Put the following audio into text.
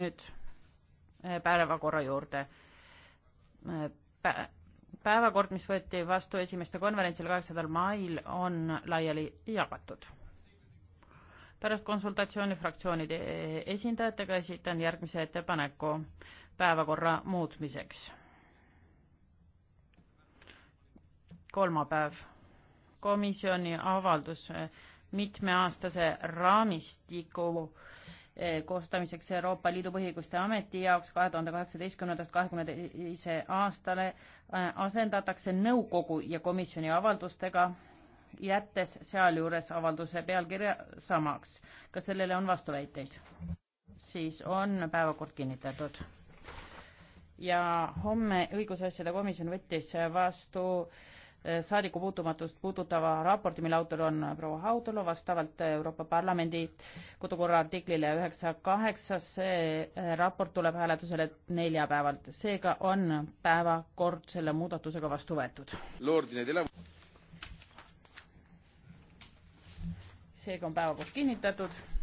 nüüd äh, päevakorra juurde äh, Pä. päevakord, mis võeti vastu esimeste konverentsil kaheksandal mail, on laiali jagatud. pärast konsultatsiooni fraktsioonide äh, esindajatega esitan järgmise ettepaneku päevakorra muutmiseks. kolmapäev, komisjoni avaldus mitmeaastase raamistiku äh, Eh, koostamiseks Euroopa Liidu põhiõiguste ameti jaoks kahe tuhande kaheksateistkümnendast kahekümne teise aastale eh, asendatakse nõukogu ja komisjoni avaldustega, jättes sealjuures avalduse pealkirja samaks. kas sellele on vastuväiteid? siis on päevakord kinnitatud. ja homme õigusasjade komisjon võttis vastu Eh, saadikupuutumatust puudutava raporti, mille autor on proua Haudolo, vastavalt Euroopa Parlamendi kodukorra artiklile üheksa kaheksa, see eh, raport tuleb hääletusele neljapäeval. seega on päevakord selle muudatusega vastu võetud. seega on päevakord kinnitatud